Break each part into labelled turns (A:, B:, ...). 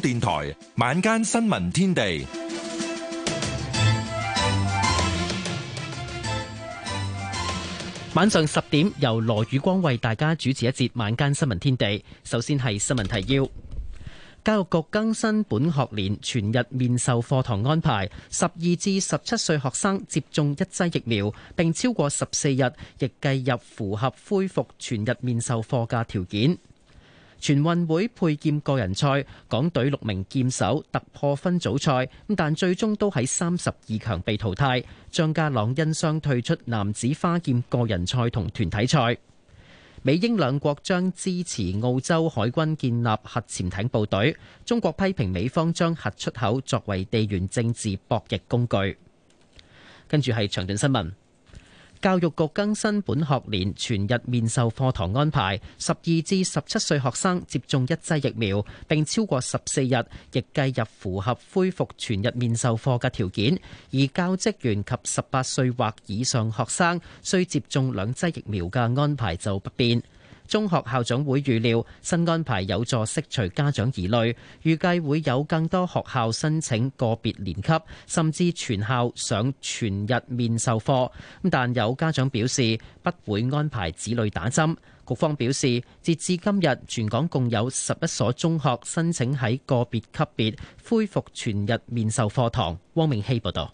A: 電台晚間新聞天地，
B: 晚上十點由羅宇光為大家主持一節晚間新聞天地。首先係新聞提要：教育局更新本學年全日面授課堂安排，十二至十七歲學生接種一劑疫苗，並超過十四日，亦計入符合恢復全日面授課嘅條件。全運會佩劍個人賽，港隊六名劍手突破分組賽，咁但最終都喺三十二強被淘汰。張家朗因傷退出男子花劍個人賽同團體賽。美英兩國將支持澳洲海軍建立核潛艇部隊。中國批評美方將核出口作為地緣政治博弈工具。跟住係詳盡新聞。教育局更新本學年全日面授課堂安排，十二至十七歲學生接種一劑疫苗並超過十四日，亦計入符合恢復全日面授課嘅條件；而教職員及十八歲或以上學生需接種兩劑疫苗嘅安排就不變。中學校長會預料新安排有助釋除家長疑慮，預計會有更多學校申請個別年級，甚至全校上全日面授課。但有家長表示不會安排子女打針。局方表示，截至今日，全港共有十一所中學申請喺個別級別恢復全日面授課堂。汪明希報道。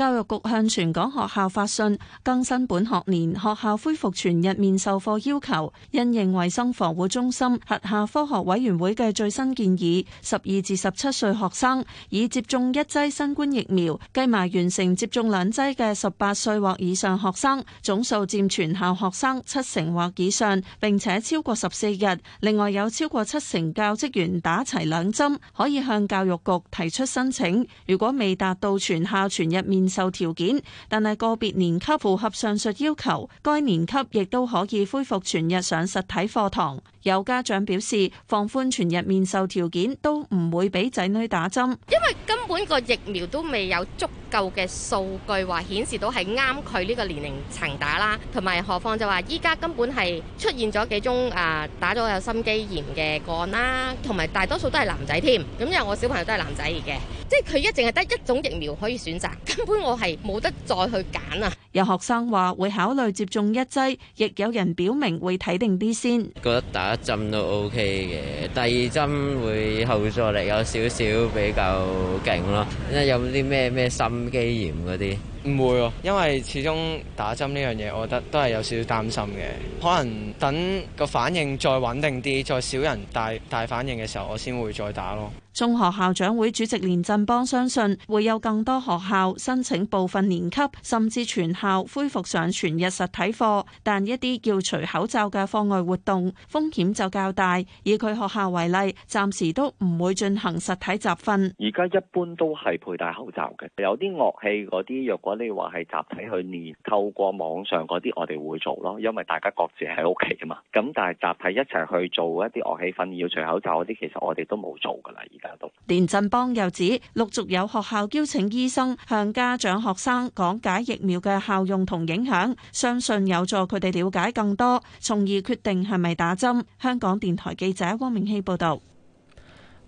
C: 教育局向全港學校發信，更新本學年學校恢復全日面授課要求，因應衛生防護中心轄下科學委員會嘅最新建議，十二至十七歲學生已接種一劑新冠疫苗，計埋完成接種兩劑嘅十八歲或以上學生，總數佔全校學生七成或以上，並且超過十四日。另外有超過七成教職員打齊兩針，可以向教育局提出申請。如果未達到全校全日面，受條件，但係個別年級符合上述要求，該年級亦都可以恢復全日上實體課堂。有家長表示，放寬全日面授條件都唔會俾仔女打針。
D: 因為咁。本個疫苗都未有足夠嘅數據，話顯示到係啱佢呢個年齡層打啦。同埋何況就話，依家根本係出現咗幾宗啊打咗有心肌炎嘅個案啦，同埋大多數都係男仔添。咁因為我小朋友都係男仔嚟嘅，即係佢一淨係得一種疫苗可以選擇，根本我係冇得再去揀啊。
C: 有學生話會考慮接種一劑，亦有人表明會睇定啲先。
E: 覺得打一針都 OK 嘅，第二針會後座力有少少比較勁。咯，一有啲咩咩心肌炎嗰啲，唔會喎，因為始終打針呢樣嘢，我覺得都係有少少擔心嘅，可能等個反應再穩定啲，再少人大大反應嘅時候，我先會再打咯。
C: 中學校長會主席連振邦相信會有更多學校申請部分年級甚至全校恢復上全日實體課，但一啲叫除口罩嘅課外活動風險就較大。以佢學校為例，暫時都唔會進行實體集訓。
E: 而家一般都係佩戴口罩嘅，有啲樂器嗰啲，若果你話係集體去練，透過網上嗰啲我哋會做咯，因為大家各自喺屋企啊嘛。咁但係集體一齊去做一啲樂器訓練要除口罩嗰啲，其實我哋都冇做噶啦，而家。
C: 連振邦又指，陸續有學校邀請醫生向家長、學生講解疫苗嘅效用同影響，相信有助佢哋了解更多，從而決定係咪打針。香港電台記者汪明熙報道。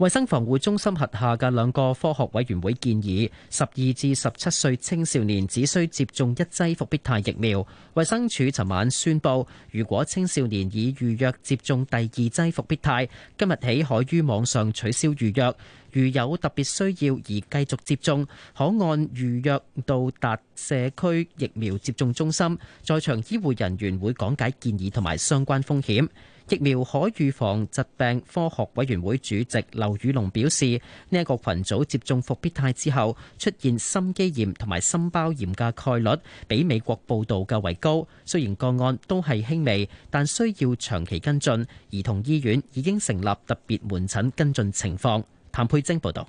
B: 衛生防護中心轄下嘅兩個科學委員會建議，十二至十七歲青少年只需接種一劑復必泰疫苗。衛生署尋晚宣佈，如果青少年已預約接種第二劑復必泰，今日起可於網上取消預約。如有特別需要而繼續接種，可按預約到達社區疫苗接種中心。在場醫護人員會講解建議同埋相關風險。疫苗可預防疾病科學委員會主席劉宇龍表示，呢、這、一個群組接種復必泰之後出現心肌炎同埋心包炎嘅概率，比美國報道較為高。雖然個案都係輕微，但需要長期跟進。兒童醫院已經成立特別門診跟進情況。譚佩晶報導。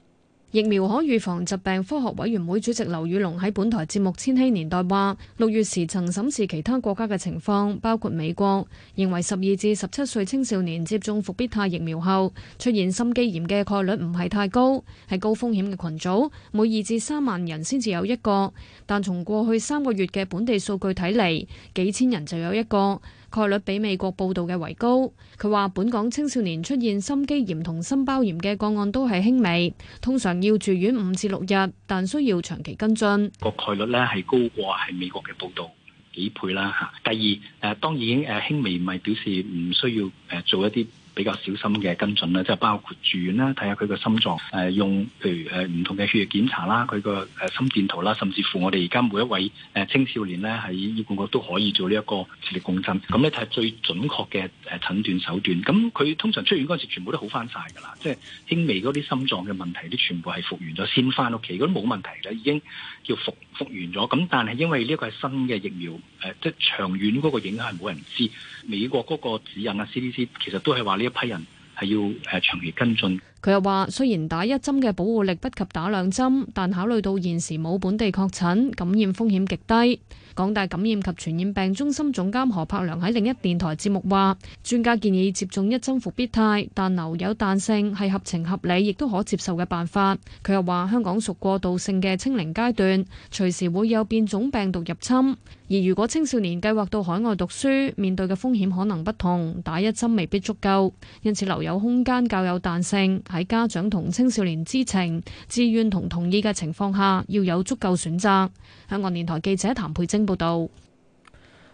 F: 疫苗可預防疾病，科學委員會主席劉宇龍喺本台節目《千禧年代》話：六月時曾審視其他國家嘅情況，包括美國，認為十二至十七歲青少年接種復必泰疫苗後出現心肌炎嘅概率唔係太高，係高風險嘅群組，每二至三萬人先至有一個。但從過去三個月嘅本地數據睇嚟，幾千人就有一個。概率比美國報道嘅為高。佢話：本港青少年出現心肌炎同心包炎嘅個案都係輕微，通常要住院五至六日，但需要長期跟進。
A: 個概率呢係高過係美國嘅報道幾倍啦嚇。第二誒當然已經誒輕微，咪表示唔需要誒做一啲，比較小心嘅跟進咧，即係包括住院啦，睇下佢個心臟，誒、呃、用譬如誒唔、呃、同嘅血液檢查啦，佢個誒心電圖啦，甚至乎我哋而家每一位誒青少年咧喺醫管局都可以做呢一個磁力共振，咁咧係最準確嘅誒診斷手段。咁佢通常出院嗰時全部都好翻晒㗎啦，即、就、係、是、輕微嗰啲心臟嘅問題，啲全部係復原咗先翻屋企，嗰啲冇問題咧已經。叫復復原咗，咁但係因為呢一個係新嘅疫苗，誒、呃、即係長遠嗰個影響係冇人知。美國嗰個指引啊，CDC 其實都係話呢一批人係要誒、呃、長期跟進。
F: 佢又話：雖然打一針嘅保護力不及打兩針，但考慮到現時冇本地確診，感染風險極低。港大感染及傳染病中心總監何柏良喺另一電台節目話：專家建議接種一針復必泰，但留有彈性係合情合理，亦都可接受嘅辦法。佢又話：香港屬過渡性嘅清零階段，隨時會有變種病毒入侵。而如果青少年計劃到海外讀書，面對嘅風險可能不同，打一針未必足夠，因此留有空間較有彈性。喺家長同青少年知情、自願同同意嘅情況下，要有足夠選擇。香港電台記者譚佩晶報
B: 道。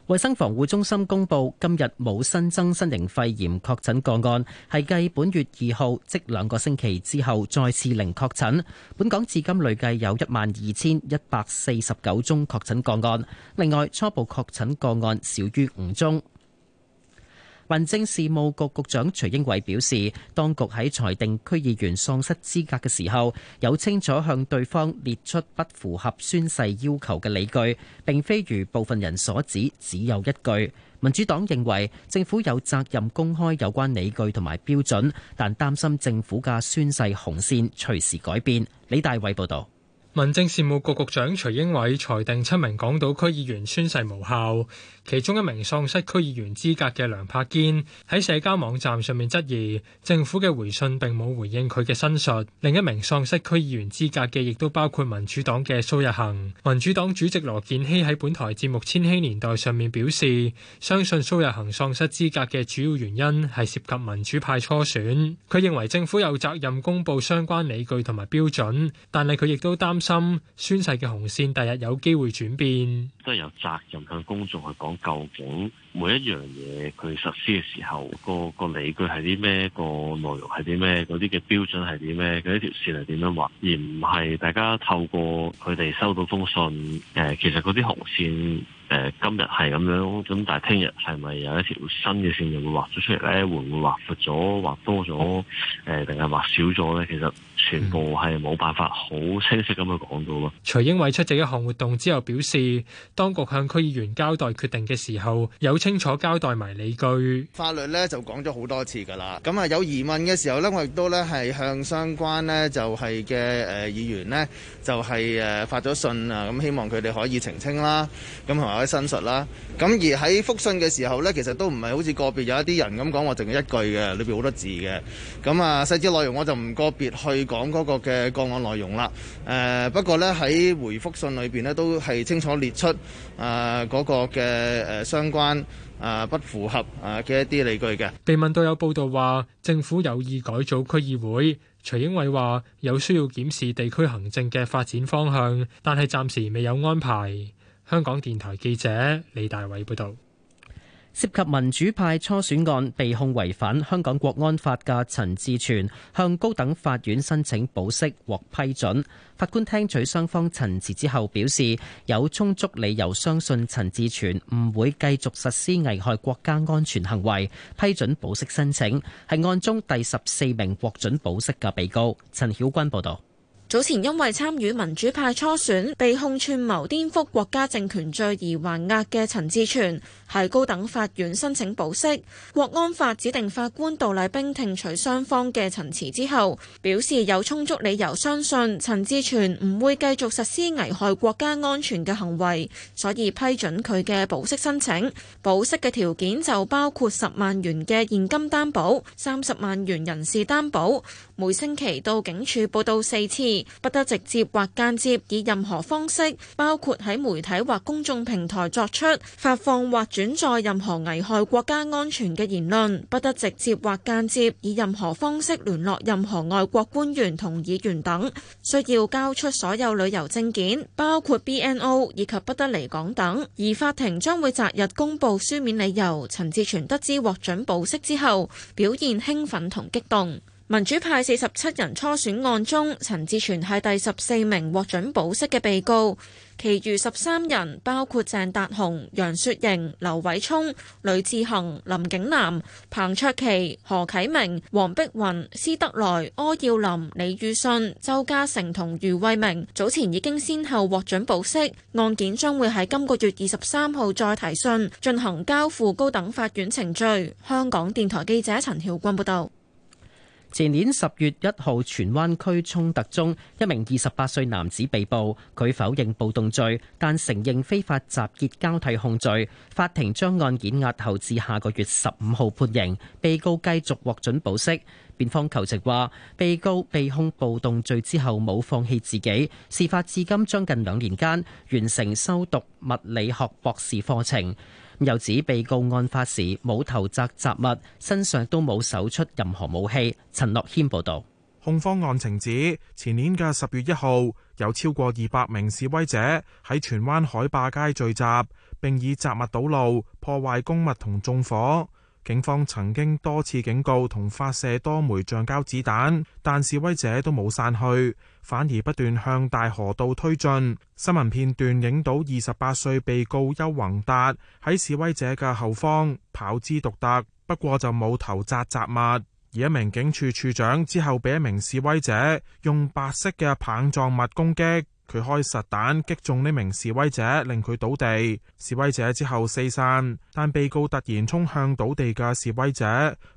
B: 衛生防護中心公布，今日冇新增新型肺炎確診個案，係繼本月二號即兩個星期之後再次零確診。本港至今累計有一萬二千一百四十九宗確診個案，另外初步確診個案少於五宗。民政事務局局長徐英偉表示，當局喺裁定區議員喪失資格嘅時候，有清楚向對方列出不符合宣誓要求嘅理據，並非如部分人所指，只有一句。民主黨認為政府有責任公開有關理據同埋標準，但擔心政府嘅宣誓紅線隨時改變。李大偉報道。
A: 民政事務局局長徐英偉裁定七名港島區議員宣誓無效，其中一名喪失區議員資格嘅梁柏堅喺社交網站上面質疑政府嘅回信並冇回應佢嘅申述。另一名喪失區議員資格嘅，亦都包括民主黨嘅蘇日恒。民主黨主席羅健熙喺本台節目《千禧年代》上面表示，相信蘇日恒喪失資格嘅主要原因係涉及民主派初選。佢認為政府有責任公布相關理據同埋標準，但係佢亦都擔心宣誓嘅紅線第日有機會轉變，都係有責任向公眾去講究竟每一樣嘢佢實施嘅時候，個個理據係啲咩，個內容係啲咩，嗰啲嘅標準係啲咩，佢一條線係點樣畫，而唔係大家透過佢哋收到封信，誒，其實嗰啲紅線，誒，今日係咁樣，咁但係聽日係咪有一條新嘅線就會畫咗出嚟咧？會唔會畫闊咗，畫多咗，誒，定係畫少咗咧？其實。全部係冇辦法好清晰咁去講到。徐英偉出席一項活動之後表示，當局向區議員交代決定嘅時候，有清楚交代埋理據。
G: 法律咧就講咗好多次㗎啦。咁啊有疑問嘅時候呢，我亦都咧係向相關呢就係嘅誒議員呢就係、是、誒發咗信啊，咁希望佢哋可以澄清啦，咁同埋可以申述啦。咁而喺覆信嘅時候呢，其實都唔係好似個別有一啲人咁講話，淨係一句嘅，裏邊好多字嘅。咁啊細節內容我就唔個別去講。講嗰個嘅個案內容啦，誒不過呢，喺回覆信裏邊咧都係清楚列出啊嗰個嘅誒相關啊不符合啊嘅一啲理據嘅。被問
A: 到有報道話政府有意改組區議會，徐英偉話有需要檢視地區行政嘅發展方向，但係暫時未有安排。香港電台記者李大偉報道。
B: 涉及民主派初選案，被控違反香港國安法嘅陳志全向高等法院申請保釋獲批准。法官聽取雙方陳詞之後表示，有充足理由相信陳志全唔會繼續實施危害國家安全行為，批准保釋申請係案中第十四名獲准保釋嘅被告。陳曉君報道，
D: 早前因為參與民主派初選，被控串謀顛覆國家政權罪而還押嘅陳志全。喺高等法院申請保釋，國安法指定法官杜麗冰聽取雙方嘅陳詞之後，表示有充足理由相信陳志全唔會繼續實施危害國家安全嘅行為，所以批准佢嘅保釋申請。保釋嘅條件就包括十萬元嘅現金擔保、三十萬元人事擔保，每星期到警署報到四次，不得直接或間接以任何方式，包括喺媒體或公眾平台作出發放或轉載任何危害國家安全嘅言論，不得直接或間接以任何方式聯絡任何外國官員同議員等，需要交出所有旅遊證件，包括 BNO 以及不得離港等。而法庭將會擇日公布書面理由。陳志全得知獲准保釋之後，表現興奮同激動。民主派四十七人初選案中，陳志全係第十四名獲准保釋嘅被告，其餘十三人包括鄭達鴻、楊雪盈、劉偉聰、呂智恆、林景楠、彭卓棋、何啟明、黃碧雲、施德來、柯耀林、李予信、鄒家成同余慧明，早前已經先後獲准保釋，案件將會喺今個月二十三號再提訊，進行交付高等法院程序。香港電台記者
B: 陳曉君報道。前年十月一號荃灣區衝突中，一名二十八歲男子被捕，佢否認暴動罪，但承認非法集結交替控罪。法庭將案件押後至下個月十五號判刑。被告繼續獲准保釋，辯方求情話被告被控暴動罪之後冇放棄自己，事發至今將近兩年間完成修讀物理學博士課程。又指被告案發時冇投擲雜物，身上都
H: 冇搜出任何武器。陳樂謙報道，控方案情指前年嘅十月一號，有超過二百名示威者喺荃灣海壩街聚集，並以雜物堵路、破壞公物同縱火。警方曾經多次警告同發射多枚橡膠子彈，但示威者都冇散去，反而不斷向大河道推進。新聞片段影到二十八歲被告邱宏達喺示威者嘅後方跑姿獨特，不過就冇投擲雜物。而一名警署處長之後被一名示威者用白色嘅棒狀物攻擊。佢開實彈擊中呢名示威者，令佢倒地。示威者之後四散，但被告突然衝向倒地嘅示威者，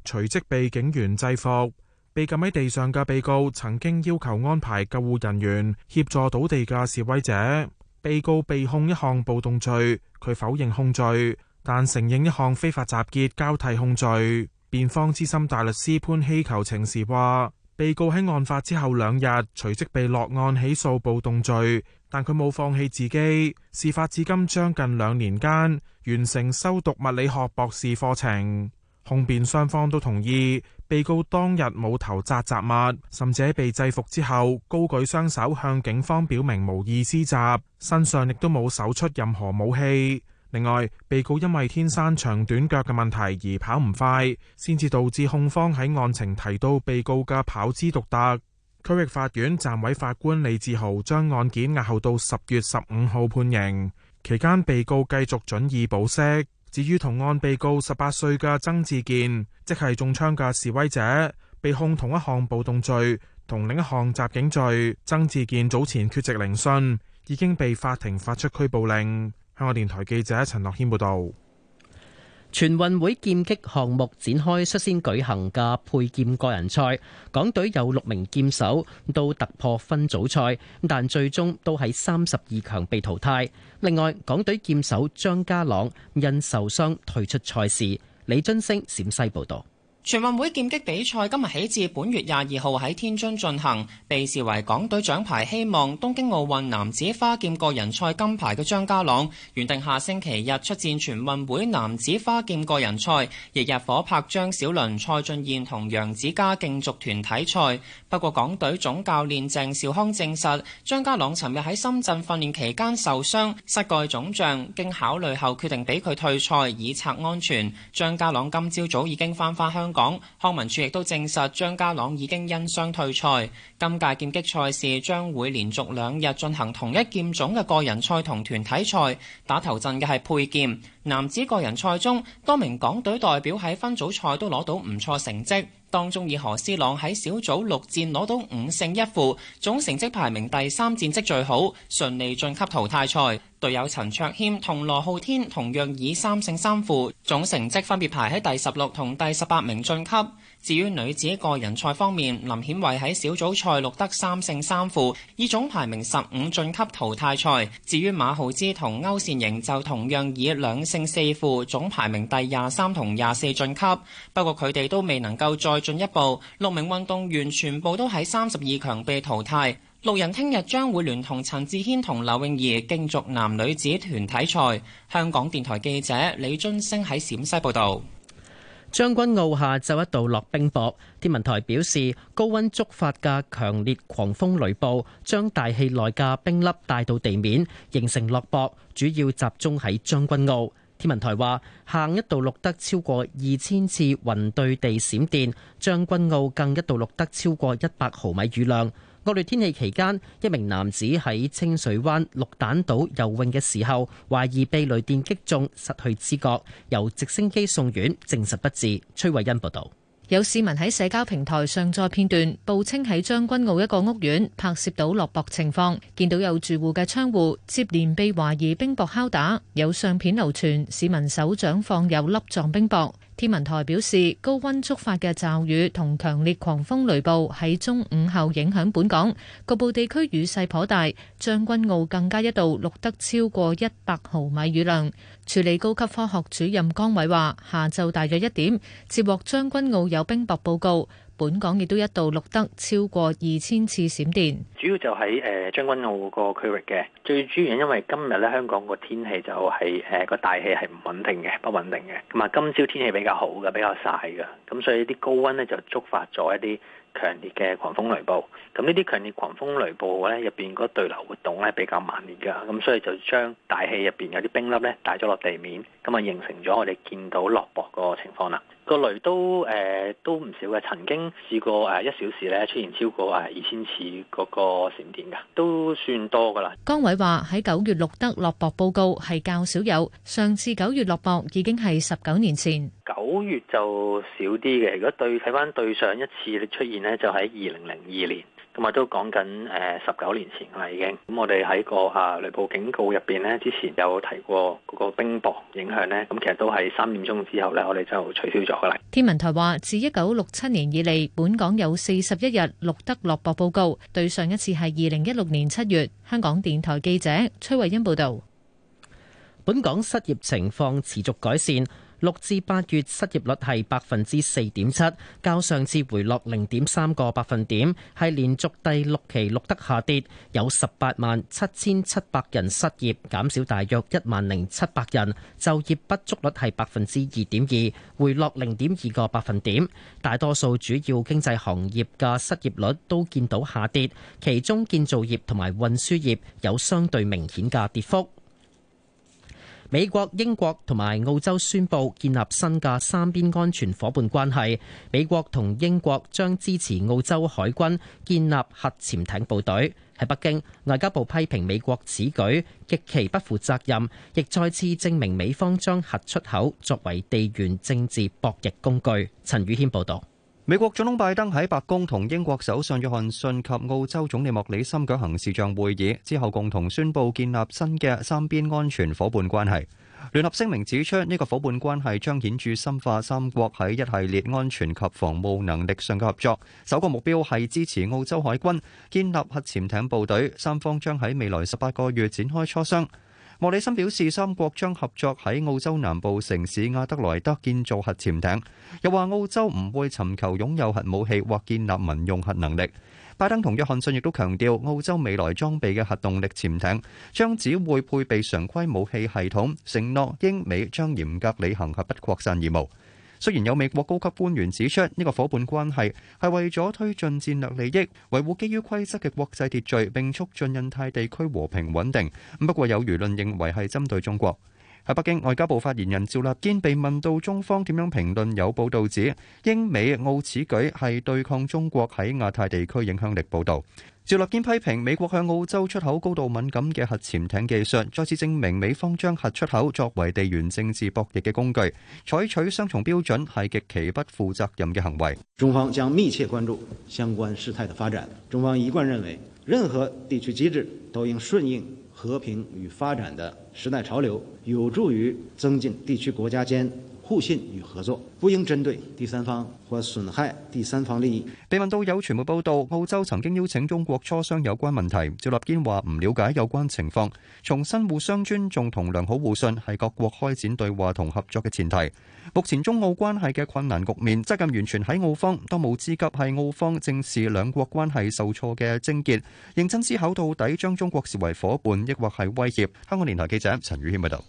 H: 隨即被警員制服。被撳喺地上嘅被告曾經要求安排救護人員協助倒地嘅示威者。被告被控一項暴動罪，佢否認控罪，但承認一項非法集結交替控罪。辯方資深大律師潘希求情時話。被告喺案發之後兩日，隨即被落案起訴暴動罪，但佢冇放棄自己。事發至今將近兩年間，完成修讀物理學博士課程。控辯雙方都同意，被告當日冇投擲雜物，甚至被制服之後高舉雙手向警方表明無意施襲，身上亦都冇搜出任何武器。另外，被告因為天生長短腳嘅問題而跑唔快，先至導致控方喺案情提到被告嘅跑姿獨特。區域法院暫委法官李志豪將案件押後到十月十五號判刑，期間被告繼續准予保釋。至於同案被告十八歲嘅曾志健，即係中槍嘅示威者，被控同一項暴動罪同另一項襲警罪。曾志健早前缺席聆訊，已經被法庭發出拘捕令。香港電台記者陳樂謙報道：全運會劍擊項目展開，率先舉
B: 行嘅佩劍個人賽，港隊有六名劍手都突破分組賽，但最終都喺三十二強被淘汰。另外，港隊劍手張家朗因受傷退出賽事。李津星陝西報道。
E: 全運會劍擊比賽今日起至本月廿二號喺天津進行，被視為港隊獎牌希望。東京奧運男子花劍個人賽金牌嘅張家朗，原定下星期日出戰全運會男子花劍個人賽，日日火拍張小倫、蔡俊彥同楊子嘉競逐團體賽。不過，港隊總教練鄭兆康證實張家朗尋日喺深圳訓練期間受傷，膝蓋腫脹，經考慮後決定俾佢退賽，以策安全。張家朗今朝早已經返返香港。康文署亦都證實張家朗已經因傷退賽。今屆劍擊賽事將會連續兩日進行同一劍種嘅個人賽同團體賽，打頭陣嘅係佩劍，男子個人賽中，多名港隊代表喺分組賽都攞到唔錯成績。當中以何詩朗喺小組六戰攞到五勝一負，總成績排名第三，戰績最好，順利晉級淘汰賽。隊友陳卓謙同羅浩天同樣以三勝三負，總成績分別排喺第十六同第十八名晉級。至於女子個人賽方面，林顯慧喺小組賽錄得三勝三負，以總排名十五晉級淘汰賽。至於馬浩芝同歐善瑩就同樣以兩勝四負，總排名第廿三同廿四晉級，不過佢哋都未能夠再進一步。六名運動員全部都喺三十二強被淘汰。六人聽日將會聯同陳志軒同劉泳儀競逐男女子團體賽。香港電台記者李津星喺陝西報道。將軍澳下晝一度
B: 落冰雹，天文台表示高温觸發嘅強烈狂風雷暴，將大氣內嘅冰粒帶到地面，形成落雹，主要集中喺將軍澳。天文台話，下一度錄得超過二千次雲對地閃電，將軍澳更一度錄得超過一百毫米雨量。惡劣天氣期間，一名男子喺清水灣綠蛋島游泳嘅時候，懷疑被雷電擊中，失去知覺，由直升機送院，證實不治。崔慧欣報道，
I: 有市民喺社交平台上載片段，報稱喺將軍澳一個屋苑拍攝到落雹情況，見到有住戶嘅窗戶接連被懷疑冰雹敲打，有相片流傳，市民手掌放有粒狀冰雹。天文台表示，高溫觸發嘅驟雨同強烈狂風雷暴喺中午後影響本港，局部地區雨勢頗大，將軍澳更加一度錄得超過一百毫米雨量。處理高級科學主任江偉話，下晝大約一點，接獲將軍澳有冰雹報告，本港亦都一度錄得超過二千次閃電。
A: 主要就
B: 喺、誒將軍澳個區域嘅，最主要因為今日咧，香港個天氣就係、誒個大氣係唔穩定嘅，不穩定嘅。咁啊今朝天氣比較好嘅，比較曬噶咁所以啲高溫咧就觸發咗一啲。強烈嘅狂風雷暴，咁呢啲強烈狂風雷暴咧，入邊個對流活動咧比較猛烈噶，咁所以就將大氣入邊有啲冰粒咧帶咗
A: 落地面，咁啊形成咗我哋見到落雹個情況啦。個雷都誒、呃、都唔少嘅，曾經試過誒一小時咧出現超過誒二千次嗰個閃電㗎，都算多噶啦。
I: 江偉話喺九月錄得落雹報告係較少有，上次九月落雹已經係十九年前。
A: 九月就少啲嘅，如果
B: 對睇翻對上一次出現呢，就喺二零零二年。咁啊，都講緊誒十
A: 九年前㗎喇，已經咁。我哋喺個呀雷暴警告入邊呢，之前有提過嗰個冰雹影響呢。咁其實都係三點鐘之後呢，我哋就取消咗㗎喇。
I: 天文台話，自一九六七年以嚟，本港有四十一日錄得落雹報告，對上一次係二零一六年七月。香港電台記者崔慧欣報道，
B: 本港失業情況持續改善。六至八月失業率係百分之四點七，較上次回落零點三個百分點，係連續第六期錄得下跌，有十八萬七千七百人失業，減少大約一萬零七百人。就業不足率係百分之二點二，回落零點二個百分點。大多數主要經濟行業嘅失業率都見到下跌，其中建造業同埋運輸業有相對明顯嘅跌幅。美國、英國同埋澳洲宣布建立新嘅三邊安全夥伴關係。美國同英國將支持澳洲海軍建立核潛艇部隊。喺北京，外交部批評美國此舉極其不負責任，亦再次證明美方將核出口作為地緣政治博弈工具。陳宇軒報導。
J: 美國總統拜登喺白宮同英國首相約翰遜及澳洲總理莫里森舉行視像會議之後，共同宣布建立新嘅三邊安全夥伴關係。聯合聲明指出，呢個夥伴關係將顯著深化三國喺一系列安全及防務能力上嘅合作。首個目標係支持澳洲海軍建立核潛艇部隊，三方將喺未來十八個月展開磋商。莫里森表示，三國將合作喺澳洲南部城市亞德萊德建造核潛艇，又話澳洲唔會尋求擁有核武器或建立民用核能力。拜登同約翰遜亦都強調，澳洲未來裝備嘅核動力潛艇將只會配備常規武器系統，承諾英美將嚴格履行核不擴散義務。雖然有美國高級官員指出，呢個夥伴關係係為咗推進戰略利益，維護基於規則嘅國際秩序並促進印太地區和平穩定，不過有輿論認為係針對中國。喺北京，外交部發言人趙立堅被問到中方點樣評論有報道指，英美澳此舉係對抗中國喺亞太地區影響力報道。趙立堅批評美國向澳洲出口高度敏感嘅核潛艇技術，再次證明美方將核出口作為地緣政治博弈嘅工具，採取雙重標準係極其不負責任嘅行
G: 為。中方將密切關注相關事態嘅發展。中方一貫認為，任何地區機制都應順應和平與發展的時代潮流，有助於
J: 增進地區國家間互信與合作不應針對第三方或損害第三方利益。被問到有傳媒報道澳洲曾經邀請中國磋商有關問題，趙立堅話唔了解有關情況。重新互相尊重同良好互信係各國開展對話同合作嘅前提。目前中澳關係嘅困難局面責任完全喺澳方，當務之急係澳方正視兩國關係受挫嘅症結，認真思考到底將中國視為伙伴抑或係威脅。香港電台記者陳宇謙報道。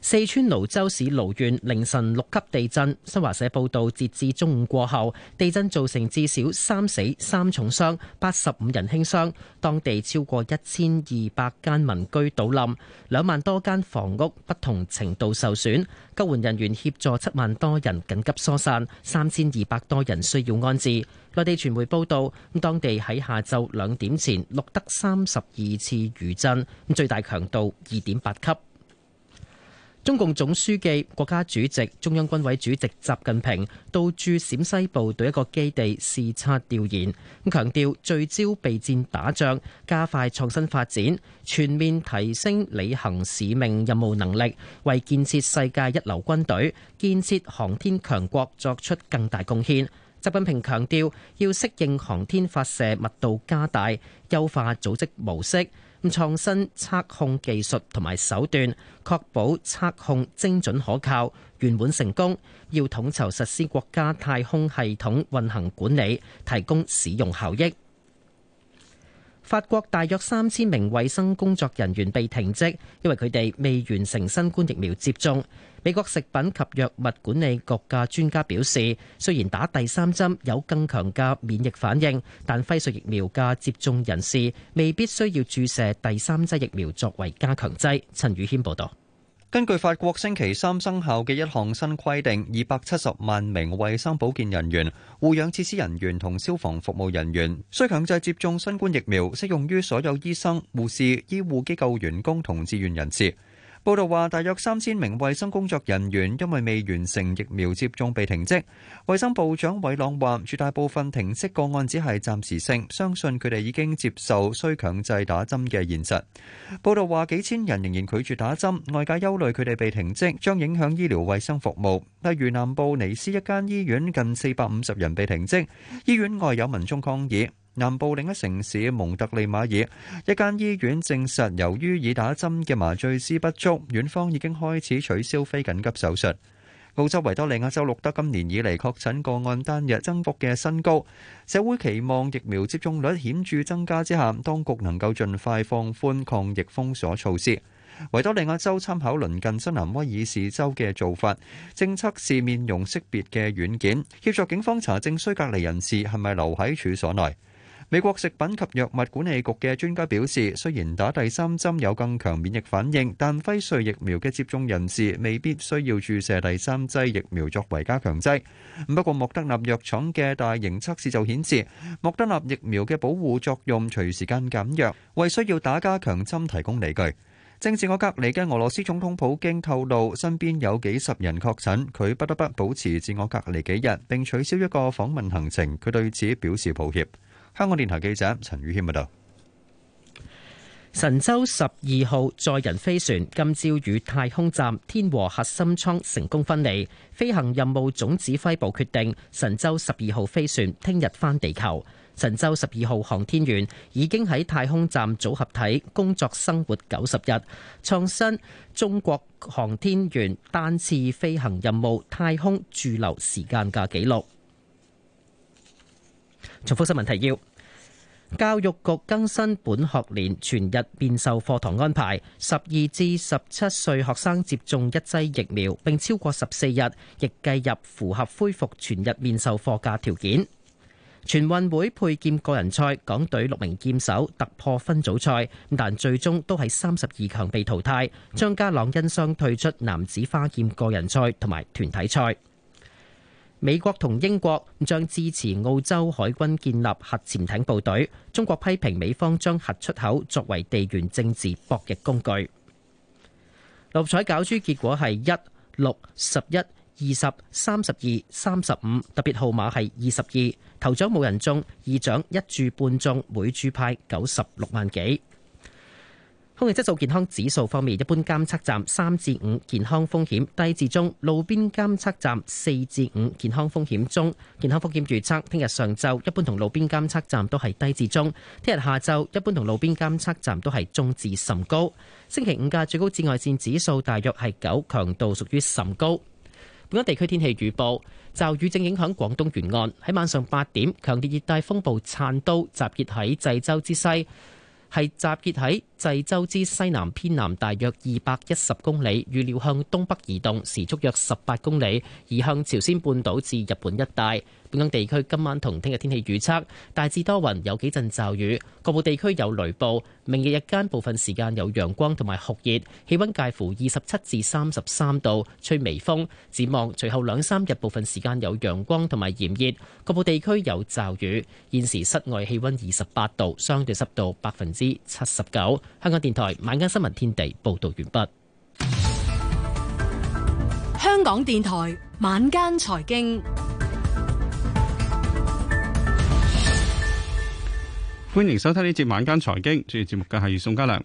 B: 四川瀘州市瀘縣凌晨六級地震，新華社報道，截至中午過後，地震造成至少三死三重傷，八十五人輕傷，當地超過一千二百間民居倒冧，兩萬多間房屋不同程度受損，救援人員協助七萬多人緊急疏散，三千二百多人需要安置。內地傳媒報道，當地喺下晝兩點前錄得三十二次餘震，最大強度二點八級。中共總書記、國家主席、中央軍委主席習近平到駐陝西部隊一個基地視察調研，強調聚焦備戰打仗，加快創新發展，全面提升履行使命任務能力，為建設世界一流軍隊、建設航天強國作出更大貢獻。習近平強調要適應航天發射密度加大，優化組織模式。創新測控技術同埋手段，確保測控精準可靠、圓滿成功。要統籌實施國家太空系統運行管理，提供使用效益。法國大約3000名衛生工作人員被停職，因為佢哋未完成新冠疫苗接種。美國食品及藥物管理局嘅專家表示，雖然打第三針有更強嘅免疫反應，但輝瑞疫苗嘅接種人士
J: 未必需要注射第三劑疫苗作為加強劑，陳宇謙報導。根據法國星期三生效嘅一項新規定，二百七十萬名衛生保健人員、護養設施人員同消防服務人員，需強制接種新冠疫苗，適用於所有醫生、護士、醫護機構員工同志願人士。報道話，大約三千名衛生工作人員因為未完成疫苗接種被停職。衛生部長韋朗話，絕大部分停職個案只係暫時性，相信佢哋已經接受需強制打針嘅現實。報道話，幾千人仍然拒絕打針，外界憂慮佢哋被停職將影響醫療衛生服務。例如，南部尼斯一間醫院近四百五十人被停職，醫院外有民眾抗議。南部另一城市蒙特利馬爾一間醫院證實，由於已打針嘅麻醉師不足，院方已經開始取消非緊急手術。澳洲維多利亞州錄得今年以嚟確診個案單日增幅嘅新高。社會期望疫苗接種率顯著增加之下，當局能夠盡快放寬抗疫封鎖措施。維多利亞州參考鄰近新南威爾士州嘅做法，正測試面容識別嘅軟件協助警方查證需隔離人士係咪留喺處所內。美國食品及藥物管理局嘅專家表示，雖然打第三針有更強免疫反應，但輝瑞疫苗嘅接種人士未必需要注射第三劑疫苗作為加強劑。不過，莫德納藥廠嘅大型測試就顯示，莫德納疫苗嘅保護作用隨時間減弱，為需要打加強針提供理據。正自我隔離嘅俄羅斯總統普京透露，身邊有幾十人確診，佢不得不保持自我隔離幾日，並取消一個訪問行程。佢對此表示抱歉。香港電台記者陳宇謙報道：神舟十二號載人飛船今朝與太空站
B: 天和核心艙成功分離，飛行任務總指揮部決定神舟十二號飛船聽日返地球。神舟十二號航天員已經喺太空站組合體工作生活九十日，創新中國航天員單次飛行任務太空駐留時間嘅記錄。重複新聞提要：教育局更新本學年全日面授課堂安排，十二至十七歲學生接種一劑疫苗，並超過十四日，亦計入符合恢復全日面授課嘅條件。全運會佩劍個人賽，港隊六名劍手突破分組賽，但最終都喺三十二強被淘汰。張家朗因傷退出男子花劍個人賽同埋團體賽。美國同英國將支持澳洲海軍建立核潛艇部隊。中國批評美方將核出口作為地緣政治博弈工具。六合彩攪珠結果係一、六、十一、二十、三十二、三十五，特別號碼係二十二。頭獎冇人中，二獎一注半中，每注派九十六萬幾。空氣質素健康指數方面，一般監測站三至五健康風險低至中，路邊監測站四至五健康風險中。健康風險預測，聽日上晝一般同路邊監測站都係低至中，聽日下晝一般同路邊監測站都係中至甚高。星期五嘅最高紫外線指數大約係九，強度屬於甚高。本港地區天氣預報，驟雨正影響廣東沿岸，喺晚上八點，強烈熱帶風暴燦都集結喺濟州之西，係集結喺。濟州之西南偏南，大約二百一十公里，預料向東北移動，時速約十八公里，移向朝鮮半島至日本一帶。本港地區今晚同聽日天氣預測大致多雲，有幾陣驟雨，局部地區有雷暴。明日日間部分時間有陽光同埋酷熱，氣溫介乎二十七至三十三度，吹微風。展望隨後兩三日部分時間有陽光同埋炎熱，局部地區有驟雨。現時室外氣溫二十八度，相對濕度百分之七十九。香港電台晚間新聞天地報道完畢。
I: 香港電台晚間財經，
K: 歡迎收聽呢節晚間財經。主持節目嘅係宋家良。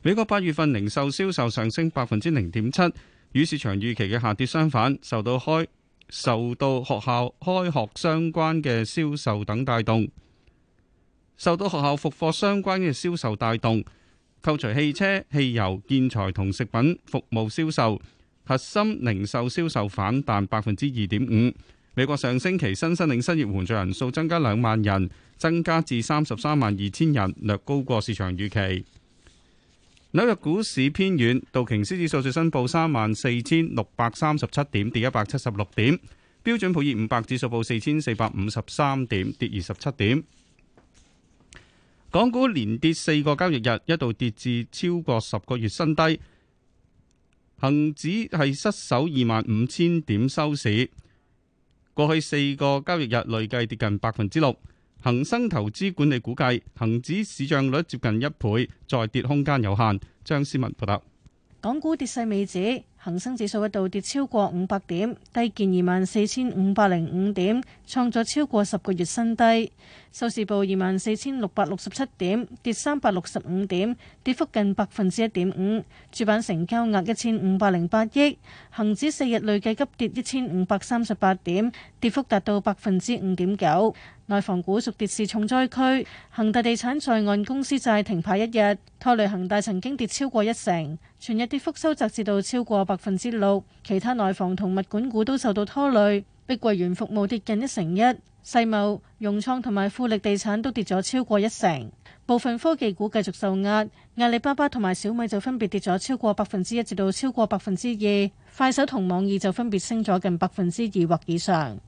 K: 美國八月份零售銷售，售上升百分之零點七，與市場預期嘅下跌相反，受到開受到學校開學相關嘅銷售等帶動，受到學校復課相關嘅銷售帶動。扣除汽車、汽油、建材同食品服務銷售，核心零售銷售反彈百分之二點五。美國上星期新申領失業援助人數增加兩萬人，增加至三十三萬二千人，略高過市場預期。紐約股市偏軟，道瓊斯指數最新報三萬四千六百三十七點，跌一百七十六點。標準普爾五百指數報四千四百五十三點，跌二十七點。港股連跌四個交易日，一度跌至超過十個月新低，恒指係失守二萬五千點收市。過去四個交易日累計跌近百分之六。恒生投資管理估計，恒指市賬率接近一倍，再跌空間有限。張思文報道。
L: 港股跌勢未止，恒生指數一度跌超過五百點，低見二萬四千五百零五點，創咗超過十個月新低。收市報二萬四千六百六十七點，跌三百六十五點，跌幅近百分之一點五。主板成交額一千五百零八億。恒指四日累計急跌一千五百三十八點，跌幅達到百分之五點九。內房股屬跌市重災區，恒大地產在岸公司債停牌一日，拖累恒大曾經跌超過一成，全日跌幅收窄至到超過百分之六。其他內房同物管股都受到拖累，碧桂園服務跌近一成一。世茂、融創同埋富力地產都跌咗超過一成，部分科技股繼續受壓。阿里巴巴同埋小米就分別跌咗超過百分之一至到超過百分之二，快手同網易就分別升咗近百分之二或以上。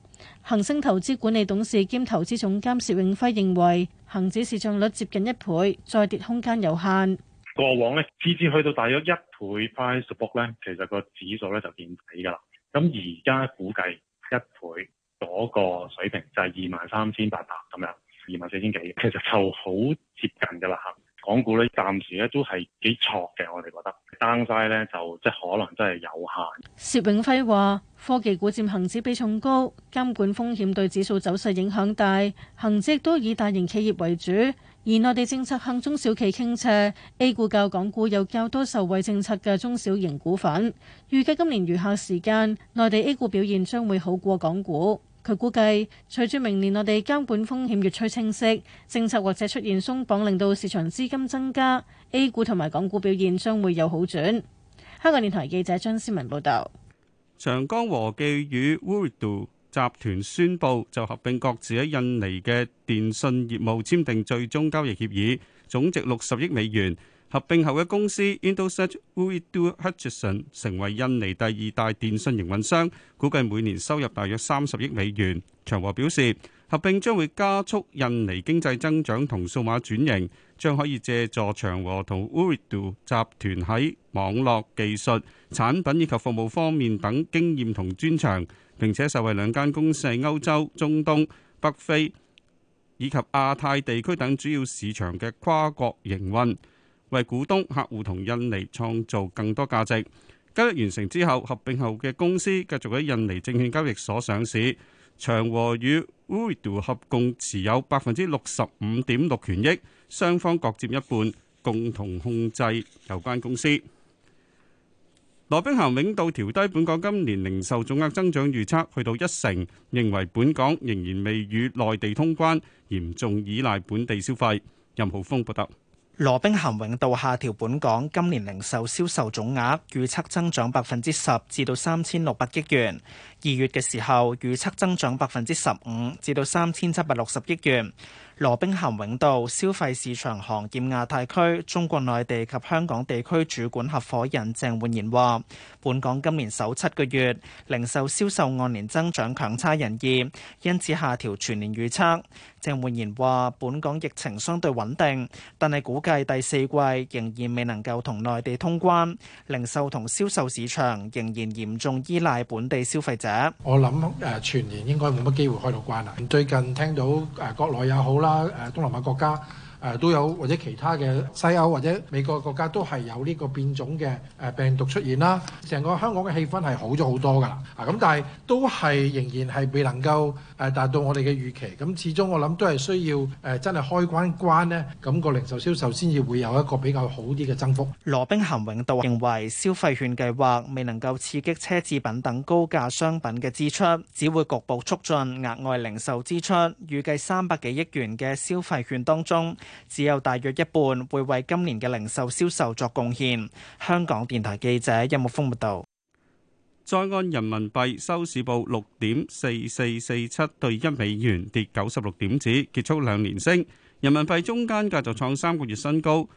L: 恒生投資管理董事兼投資總監薛永輝認為，恒指市賬率接近一倍，再跌空間有限。
A: 過往呢，次次去到大約一倍，P/B 咧，其實個指數咧就見底㗎啦。咁而家估計一倍。嗰個水平就係二萬三千八百咁樣，二萬四千幾，其實就好接近噶啦。嚇，港股呢，暫時咧都係幾錯嘅，我哋覺得升晒呢就即係可能真係有限。
L: 薛永輝話：科技股佔恒指比重高，監管風險對指數走勢影響大，恒指亦都以大型企業為主，而內地政策向中小企傾斜，A 股較港股有較多受惠政策嘅中小型股份。預計今年餘下時間，內地 A 股表現將會好過港股。佢估計，隨住明年內地監管風險越趨清晰，政策或者出現鬆綁，令到市場資金增加，A 股同埋港股表現將會有好轉。香港電台記者張思文報道，
K: 長江和記與 Ooredoo 集團宣布就合併各自喺印尼嘅電信業務簽訂最終交易協議，總值六十億美元。合併後嘅公司 Indosat Ooredoo Hutchison 成為印尼第二大電信營運商，估計每年收入大約三十億美元。長和表示，合併將會加速印尼經濟增長同數碼轉型，將可以借助長和同 Ooredoo 集團喺網絡技術產品以及服務方面等經驗同專長，並且受惠兩間公司喺歐洲、中東、北非以及亞太地區等主要市場嘅跨國營運，為股東、客戶同印尼創造更多價值。交易完成之後，合併後嘅公司繼續喺印尼證券交易所上市。長和與 Ooredoo 合共持有百分之六十五點六權益，雙方各佔一半，共同控制有關公司。羅兵咸永道調低本港今年零售總額增長預測，去到一成，認為本港仍然未與內地通關，嚴重依賴本地消費。任浩峰報道。
G: 羅兵咸永道下調本港今年零售銷售總額預測增長百分之十，至到三千六百億元。二月嘅時候預測增長百分之十五，至到三千七百六十億元。羅兵咸永道消費市場行業亞太區中國內地及香港地區主管合伙人鄭煥然話：本港今年首七個月零售銷售按年增長強差人意，因此下調全年預測。鄭煥然話：本港疫情相對穩定，但係估計第四季仍然未能夠同內地通關，零售同銷售市場仍然嚴重依賴本地消費者。
A: 我諗誒、呃，全年應該冇乜機會開到關啦。最近聽到誒、呃，國內也好啦，誒、呃，東南亞國家。誒都有或者其他嘅西歐或者美國國家都係有呢個變種嘅誒病毒出現啦，成個香港嘅氣氛係好咗好多噶啦，啊咁但係都係仍然係未能夠誒達到我哋
G: 嘅預期，咁始終我諗都係需要誒真係開關關咧，咁個零售銷售先至會有一個比較好啲嘅增幅。羅兵咸永道認為消費券計劃未能夠刺激奢侈品等高價商品嘅支出，只會局部促進額外零售支出，預計三百幾億元嘅消費券當中。只有大約一半會為今年嘅零售銷售作貢獻。香港電台記者任木峯報道。
K: 在岸人民幣收市報六點四四四七對一美元，跌九十六點子，結束兩年升。人民幣中間價就創三個月新高，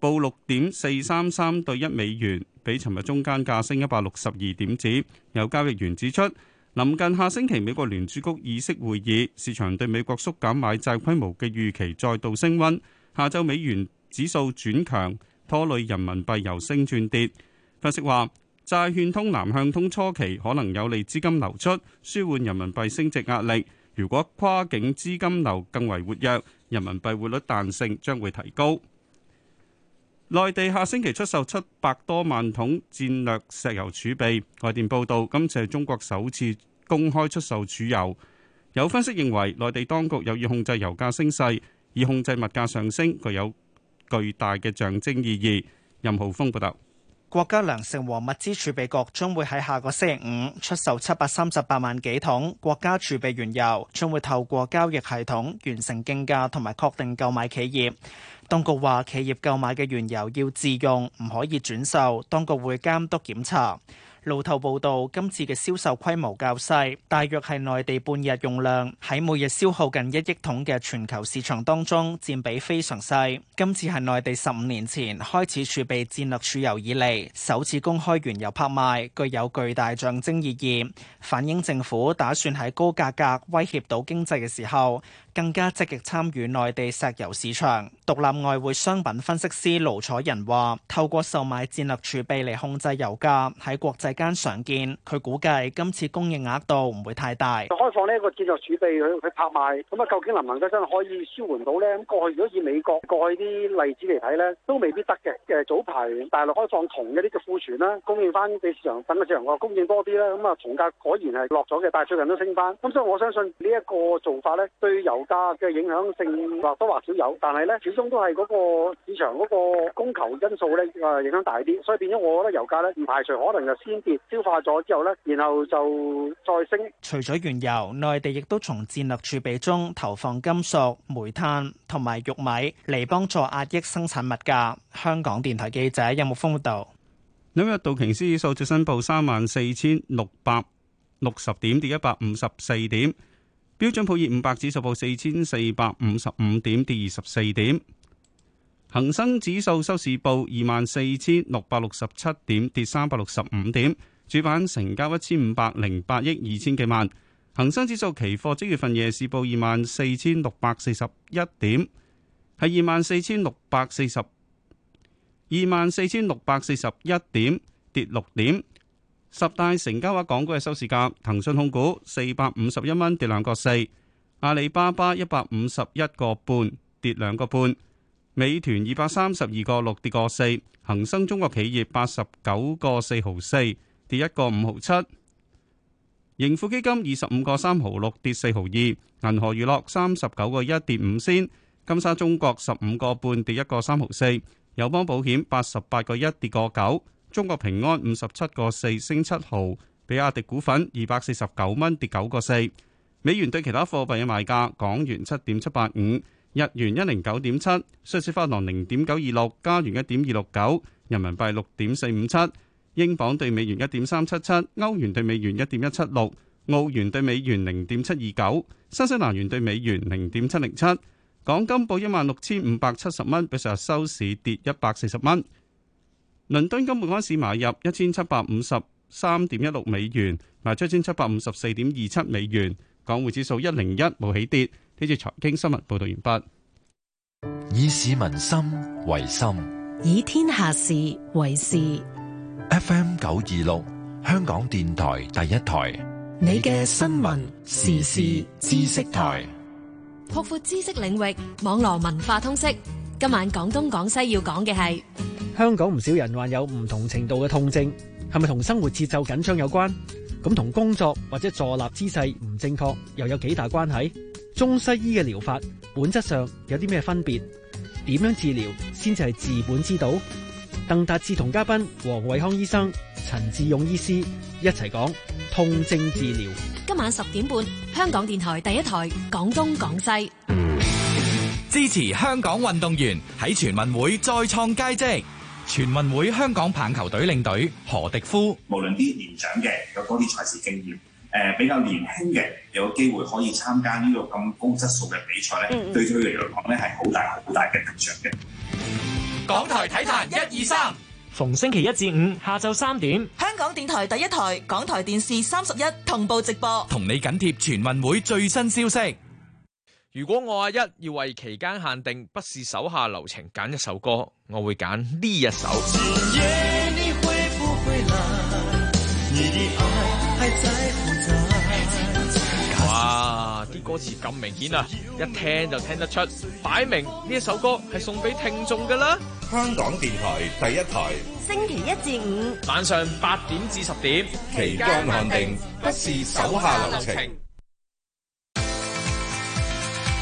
K: 報六點四三三對一美元，比尋日中間價升一百六十二點子。有交易員指出。臨近下星期美國聯儲局議息會議，市場對美國縮減買債規模嘅預期再度升温。下週美元指數轉強，拖累人民幣由升轉跌。分析話，債券通南向通初期可能有利資金流出，舒緩人民幣升值壓力。如果跨境資金流更為活躍，人民幣匯率彈性將會提高。內地下星期出售七百多萬桶戰略石油儲備，外電報道。今次係中國首次公開出售儲油，有分析認為，內地當局有意控制油價升勢，以控制物價上升，具有巨大嘅象徵意義。任浩峰報道。
G: 國家糧食和物資儲備局將會喺下個星期五出售七百三十八萬幾桶國家儲備原油，將會透過交易系統完成競價同埋確定購買企業。當局話，企業購買嘅原油要自用，唔可以轉售。當局會監督檢查。路透報道，今次嘅銷售規模較細，大約係內地半日用量。喺每日消耗近一億桶嘅全球市場當中，佔比非常細。今次係內地十五年前開始儲備戰略儲油以嚟，首次公開原油拍賣，具有巨大象徵意義，反映政府打算喺高價格威脅到經濟嘅時候，更加積極參與內地石油市場，獨立外匯商品分析師盧彩仁話：透過售賣戰略儲備嚟控制油價，喺國際間常見。佢估計今次供應額度唔會太大。
A: 開放呢個戰略儲備去去拍賣，咁啊究竟能唔能夠真係可以舒緩到呢？咁過去如果以美國過去啲例子嚟
K: 睇呢，都未必得嘅。誒早排大陸開放銅嘅呢啲庫存啦，供應翻俾市場等嘅市場話供應多啲啦，咁啊銅價果然係落咗嘅，但係最近都升翻。咁所以我相信呢一個做法呢，對油。價嘅影響性或多或少有，但係咧，始終都係嗰個市
E: 場嗰
A: 個供求因素咧，誒影響大啲，所以變咗我覺得油價咧唔排除可能就先跌消化咗之後咧，然後就再升。
G: 除咗原油，內地亦都從戰略儲備中投放金屬、煤炭同埋玉米嚟幫助壓抑生產物價。香港電台記者任木峯報道。
K: 紐約道瓊斯指數最新報三萬四千六百六十點，跌一百五十四點。標準普爾五百指數報四千四百五十五點，跌二十四點。恒生指數收市報二萬四千六百六十七點，跌三百六十五點。主板成交一千五百零八億二千幾萬。恒生指數期貨即月份夜市報二萬四千六百四十一點，係二萬四千六百四十，二萬四千六百四十一點跌六點。十大成交額港股嘅收市價：騰訊控股四百五十一蚊跌兩個四；阿里巴巴一百五十一個半跌兩個半；美團二百三十二個六跌個四；恒生中國企業八十九個四毫四跌一個五毫七；盈富基金二十五個三毫六跌四毫二；銀河娛樂三十九個一跌五仙；金沙中國十五個半跌一個三毫四；友邦保險八十八個一跌個九。中國平安五十七個四升七毫，比亞迪股份二百四十九蚊跌九個四。美元對其他貨幣嘅賣價：港元七點七八五，日元一零九點七，瑞士法郎零點九二六，加元一點二六九，人民幣六點四五七，英鎊兌美元一點三七七，歐元兌美元一點一七六，澳元兌美元零點七二九，新西蘭元兌美元零點七零七。港金報一萬六千五百七十蚊，比上日收市跌一百四十蚊。倫敦金每安市買入一千七百五十三點一六美元，賣出一千七百五十四點二七美元。港匯指數一零一冇起跌。呢段財經新聞報道完畢。以市民心為心，以天下事為事。F M 九二六，
A: 香港電台第一台，你嘅新聞時事知識
G: 台，
I: 擴闊知識領域，網絡文化通識。今晚廣東廣西要講嘅係。
G: 香港唔少人患有唔同程度嘅痛症，係咪同生活節奏緊張有關？咁同工作或者坐立姿勢唔正確又有幾大關係？中西醫嘅療法本質上有啲咩分別？點樣治療先至係治本之道？鄧達志同嘉賓黃惠康醫生、陳志勇醫師一齊講痛症治療。
I: 今晚十點半，香港電台第一台廣東廣西
G: 支持香港運動員喺全運會
K: 再創佳績。全運會香港棒球隊領隊何迪夫，無論啲年長嘅有多啲賽事經驗，誒、呃，比較年輕嘅有機會可以參加呢個
H: 咁高質素嘅比賽咧，嗯、對佢嚟講咧係好大好大嘅成長嘅。
A: 港台體壇一二三，逢星期一至五下晝三點，
C: 香港電台第一台、港台電視三十一同步直播，
A: 同你緊貼全運會最新消息。
H: 如果我阿一要為期間限定，不是手下留情，揀一首歌，我會揀呢一首。
A: 哇！
H: 啲歌詞咁明顯啊，一聽就聽得出，擺明呢一首歌係送俾聽眾㗎啦。香港電台第一台，
I: 星期一至五
H: 晚上八點至十點，
A: 期間限定，不是手下留情。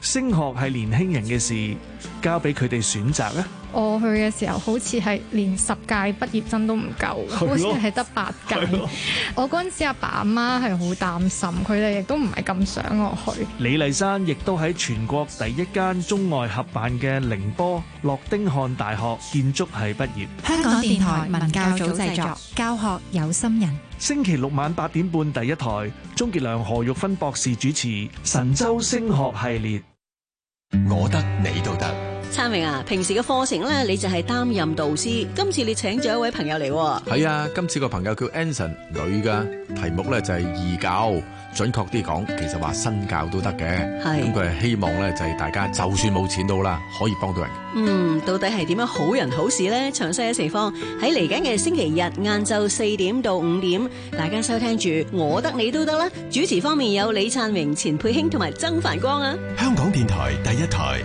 H: 升學係年輕人嘅事，交俾佢哋選擇咧。
F: 我去嘅時候，好似係連十屆畢業生都唔夠，了好似係得八屆。了我嗰陣時阿爸阿媽係好擔心，佢哋亦都唔係咁想我去。
G: 李麗珊亦都喺全國第一間中外合辦嘅寧波諾丁漢大學建築系畢業。香
D: 港電台文教組
I: 製作，教學有心人。
G: 星期六晚八點半，第一台鍾杰良、何玉芬博士主持《神州升學系列，升學系列》。我得，你都得。
C: 燦榮啊，平時嘅課程咧，你就係擔任導師。今次你請咗一位朋友嚟，係
A: 啊，今次個朋友叫 Anson，女噶。題目咧就係義教，準確啲講，其實話身教都得嘅。係咁佢係希望咧就係大家就算冇錢都好啦，可以幫到
C: 人。嗯，到底係點樣好人好事咧？詳細嘅情況喺嚟緊嘅星期日晏晝四點到五點，大家收聽住我得你都得啦。主持方面有李燦榮、錢佩卿同埋曾繁光啊。
A: 香港電台第一台。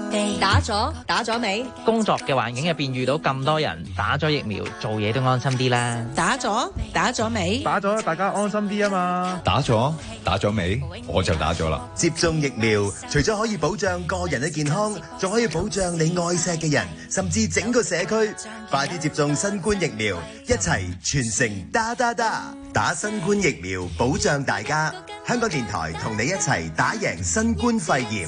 J: 打咗打咗未？
B: 工作嘅環境入邊遇到咁多人打咗疫苗，做嘢都安心啲啦。
J: 打咗打咗未？打咗大家安心啲啊嘛！打咗打咗未？我就打咗啦。接種疫苗，除咗可以保障個人嘅健康，仲可以保障你愛錫嘅人，甚至整個社區。快啲接種新冠疫苗，一齊全城打打打！打新冠疫苗保障大家。香港電台同你一齊打贏新冠肺炎。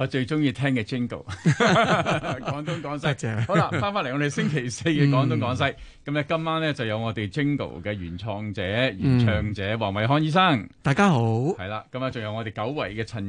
K: 我最中意聽嘅 Jingle，廣 東廣西。 好啦，翻返嚟我哋星期四嘅廣東廣西，咁咧、嗯、今晚咧就有我哋 Jingle 嘅原創者、原唱者黃偉康醫生、嗯。大家好。係啦，咁啊，仲有我哋久違嘅陳。